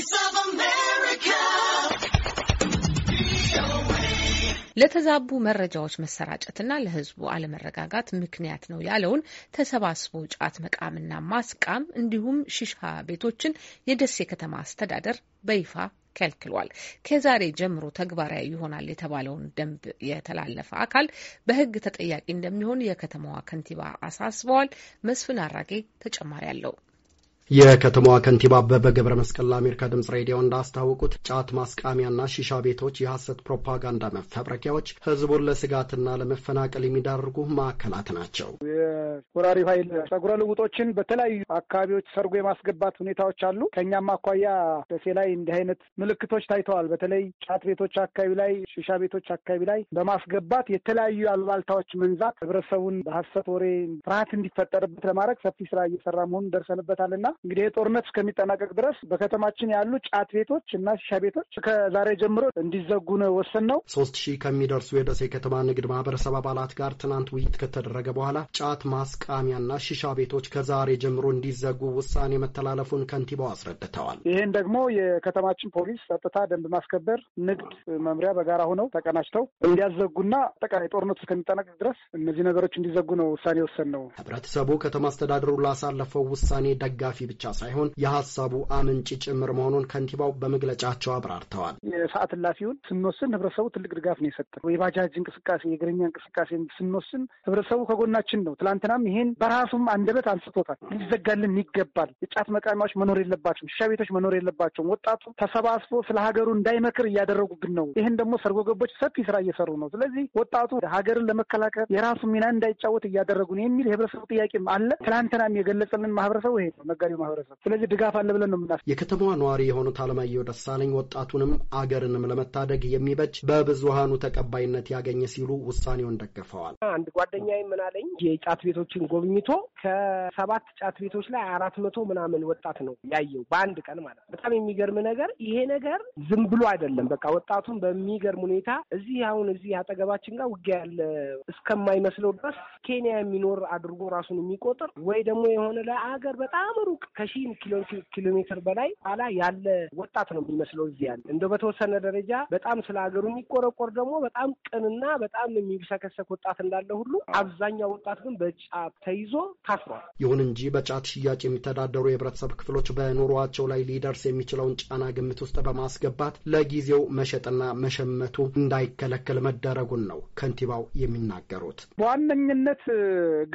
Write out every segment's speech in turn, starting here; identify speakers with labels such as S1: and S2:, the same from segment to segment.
S1: Voice of America.
S2: ለተዛቡ መረጃዎች መሰራጨትና ለሕዝቡ አለመረጋጋት ምክንያት ነው ያለውን ተሰባስቦ ጫት መቃምና ማስቃም እንዲሁም ሺሻ ቤቶችን የደሴ ከተማ አስተዳደር በይፋ ከልክሏል። ከዛሬ ጀምሮ ተግባራዊ ይሆናል የተባለውን ደንብ የተላለፈ አካል በሕግ ተጠያቂ እንደሚሆን የከተማዋ ከንቲባ አሳስበዋል። መስፍን አራጌ ተጨማሪ አለው።
S3: የከተማዋ ከንቲባ አበበ ገብረ መስቀል ለአሜሪካ ድምጽ ሬዲዮ እንዳስታወቁት ጫት ማስቃሚያና ሺሻ ቤቶች የሐሰት ፕሮፓጋንዳ መፈብረኪያዎች፣ ህዝቡን ለስጋትና ለመፈናቀል የሚዳርጉ ማዕከላት ናቸው።
S1: የወራሪ ኃይል ጸጉረ ልውጦችን በተለያዩ አካባቢዎች ሰርጎ የማስገባት ሁኔታዎች አሉ። ከእኛም አኳያ ደሴ ላይ እንዲህ አይነት ምልክቶች ታይተዋል። በተለይ ጫት ቤቶች አካባቢ ላይ፣ ሺሻ ቤቶች አካባቢ ላይ በማስገባት የተለያዩ አልባልታዎች መንዛት ህብረተሰቡን በሐሰት ወሬ ፍርሃት እንዲፈጠርበት ለማድረግ ሰፊ ስራ እየሰራ መሆኑን ደርሰንበታልና እንግዲህ የጦርነት እስከሚጠናቀቅ ድረስ በከተማችን
S3: ያሉ ጫት ቤቶች እና ሺሻ ቤቶች ከዛሬ ጀምሮ እንዲዘጉ ነው ወሰን ነው። ሶስት ሺህ ከሚደርሱ የደሴ ከተማ ንግድ ማህበረሰብ አባላት ጋር ትናንት ውይይት ከተደረገ በኋላ ጫት ማስቃሚያና ሺሻ ቤቶች ከዛሬ ጀምሮ እንዲዘጉ ውሳኔ መተላለፉን ከንቲባው አስረድተዋል።
S1: ይህን ደግሞ የከተማችን ፖሊስ፣ ጸጥታ፣ ደንብ ማስከበር፣ ንግድ መምሪያ በጋራ ሆነው ተቀናጅተው
S3: እንዲያዘጉና አጠቃላይ ጦርነቱ እስከሚጠናቀቅ ድረስ እነዚህ ነገሮች እንዲዘጉ ነው ውሳኔ ወሰን ነው። ህብረተሰቡ ከተማ አስተዳደሩ ላሳለፈው ውሳኔ ደጋፊ ብቻ ሳይሆን የሀሳቡ አመንጭ ጭምር መሆኑን ከንቲባው በመግለጫቸው አብራርተዋል።
S1: የሰዓት እላፊውን ስንወስን ህብረተሰቡ ትልቅ ድጋፍ ነው የሰጠ። የባጃጅ እንቅስቃሴ፣ የእግረኛ እንቅስቃሴ ስንወስን ህብረተሰቡ ከጎናችን ነው። ትናንትናም ይሄን በራሱም አንደበት አንስቶታል። ሊዘጋልን ይገባል። የጫት መቃሚያዎች መኖር የለባቸውም። ሻ ቤቶች መኖር የለባቸውም። ወጣቱ ተሰባስቦ ስለ ሀገሩ እንዳይመክር እያደረጉብን ነው። ይህን ደግሞ ሰርጎ ገቦች ሰፊ ስራ እየሰሩ ነው። ስለዚህ ወጣቱ ሀገርን ለመከላከል የራሱ ሚና እንዳይጫወት እያደረጉ ነው የሚል የህብረተሰቡ ጥያቄም አለ። ትላንትናም የገለጸልን ማህበረሰቡ ይሄ ነው። ነጋዴው ማህበረሰብ።
S3: ስለዚህ ድጋፍ አለ ብለን ነው የምናስ የከተማዋ ነዋሪ የሆኑት አለማየሁ ደሳለኝ ወጣቱንም አገርንም ለመታደግ የሚበጅ በብዙሀኑ ተቀባይነት ያገኘ ሲሉ ውሳኔውን ደግፈዋል።
S2: አንድ ጓደኛዬ ምናለኝ
S3: የጫት ቤቶችን ጎብኝቶ
S2: ከሰባት ጫት ቤቶች ላይ አራት መቶ ምናምን ወጣት ነው ያየው በአንድ ቀን ማለት ነው። በጣም የሚገርም ነገር ይሄ ነገር ዝም ብሎ አይደለም። በቃ ወጣቱን በሚገርም ሁኔታ እዚህ አሁን እዚህ አጠገባችን ጋር ውጊያ ያለ እስከማይመስለው ድረስ ኬንያ የሚኖር አድርጎ ራሱን የሚቆጥር ወይ ደግሞ የሆነ ለአገር በጣም ሩቅ ሩቅ ከሺህ ኪሎ ሜትር በላይ ኋላ ያለ ወጣት ነው የሚመስለው እዚህ ያለ እንደ በተወሰነ ደረጃ በጣም ስለ ሀገሩ የሚቆረቆር ደግሞ በጣም ቅንና በጣም የሚብሰከሰክ ወጣት እንዳለ ሁሉ አብዛኛው ወጣት ግን በጫት ተይዞ
S1: ታስሯል።
S3: ይሁን እንጂ በጫት ሽያጭ የሚተዳደሩ የህብረተሰብ ክፍሎች በኑሯቸው ላይ ሊደርስ የሚችለውን ጫና ግምት ውስጥ በማስገባት ለጊዜው መሸጥና መሸመቱ እንዳይከለከል መደረጉን ነው ከንቲባው የሚናገሩት።
S1: በዋነኝነት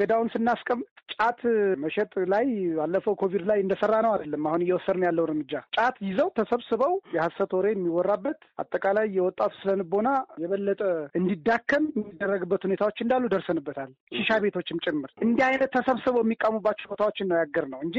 S1: ገዳውን ስናስቀምጥ ጫት መሸጥ ላይ ባለፈው ኮቪድ ላይ እንደሰራ ነው አይደለም። አሁን እየወሰድን ያለው እርምጃ ጫት ይዘው ተሰብስበው የሀሰት ወሬ የሚወራበት አጠቃላይ የወጣቱ ስለንቦና የበለጠ እንዲዳከም የሚደረግበት ሁኔታዎች እንዳሉ ደርሰንበታል። ሺሻ ቤቶችም ጭምር እንዲህ አይነት ተሰብስበው የሚቃሙባቸው ቦታዎችን ነው ያገር ነው እንጂ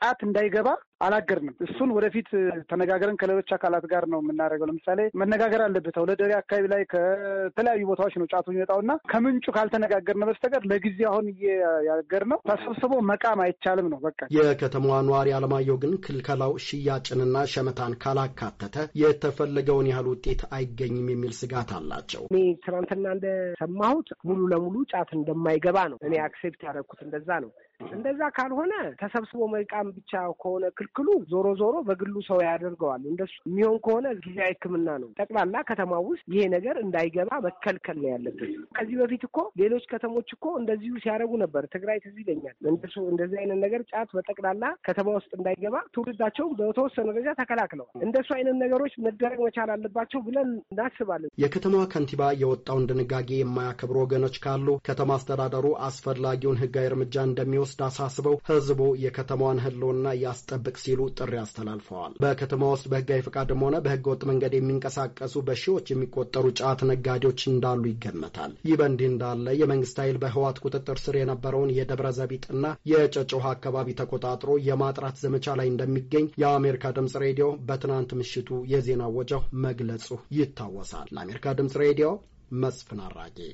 S1: ጫት እንዳይገባ አላገርንም። እሱን ወደፊት ተነጋገረን ከሌሎች አካላት ጋር ነው የምናደርገው። ለምሳሌ መነጋገር አለበት። አውለደሬ አካባቢ ላይ ከተለያዩ ቦታዎች ነው ጫቱ የሚወጣው እና ከምንጩ ካልተነጋገርን በስተቀር ለጊዜ አሁን እየያገር ነው
S3: ተሰብስቦ መቃም አይቻልም ነው በቃ። የከተማዋ ነዋሪ አለማየሁ ግን ክልከላው ሽያጭንና ሸመታን ካላካተተ የተፈለገውን ያህል ውጤት አይገኝም የሚል ስጋት አላቸው።
S2: እኔ ትናንትና እንደሰማሁት ሙሉ ለሙሉ ጫት እንደማይገባ ነው እኔ አክሴፕት ያደረኩት እንደዛ ነው። እንደዛ ካልሆነ ተሰብስቦ መልቃም ብቻ ከሆነ ክልክሉ ዞሮ ዞሮ በግሉ ሰው ያደርገዋል። እንደሱ የሚሆን ከሆነ ጊዜያዊ ሕክምና ነው። ጠቅላላ ከተማ ውስጥ ይሄ ነገር እንዳይገባ መከልከል ነው ያለብን። ከዚህ በፊት እኮ ሌሎች ከተሞች እኮ እንደዚሁ ሲያደርጉ ነበር። ትግራይ ትዝ ይለኛል። እንደሱ እንደዚህ አይነት ነገር ጫት በጠቅላላ ከተማ ውስጥ እንዳይገባ ትውልዳቸውን በተወሰነ ደረጃ ተከላክለዋል። እንደሱ አይነት ነገሮች መደረግ መቻል አለባቸው ብለን እናስባለን።
S3: የከተማዋ ከንቲባ የወጣውን ድንጋጌ የማያከብሩ ወገኖች ካሉ ከተማ አስተዳደሩ አስፈላጊውን ህጋዊ እርምጃ እንደሚወስ እንዲወስድ አሳስበው ህዝቡ የከተማዋን ህልውና ያስጠብቅ ሲሉ ጥሪ አስተላልፈዋል። በከተማ ውስጥ በህጋዊ ፈቃድም ሆነ በህገ ወጥ መንገድ የሚንቀሳቀሱ በሺዎች የሚቆጠሩ ጫት ነጋዴዎች እንዳሉ ይገመታል። ይህ በእንዲህ እንዳለ የመንግስት ኃይል በህዋት ቁጥጥር ስር የነበረውን የደብረ ዘቢጥና የጨጨውሃ አካባቢ ተቆጣጥሮ የማጥራት ዘመቻ ላይ እንደሚገኝ የአሜሪካ ድምጽ ሬዲዮ በትናንት ምሽቱ የዜና ወጃው መግለጹ ይታወሳል። ለአሜሪካ ድምጽ ሬዲዮ መስፍን አራጌ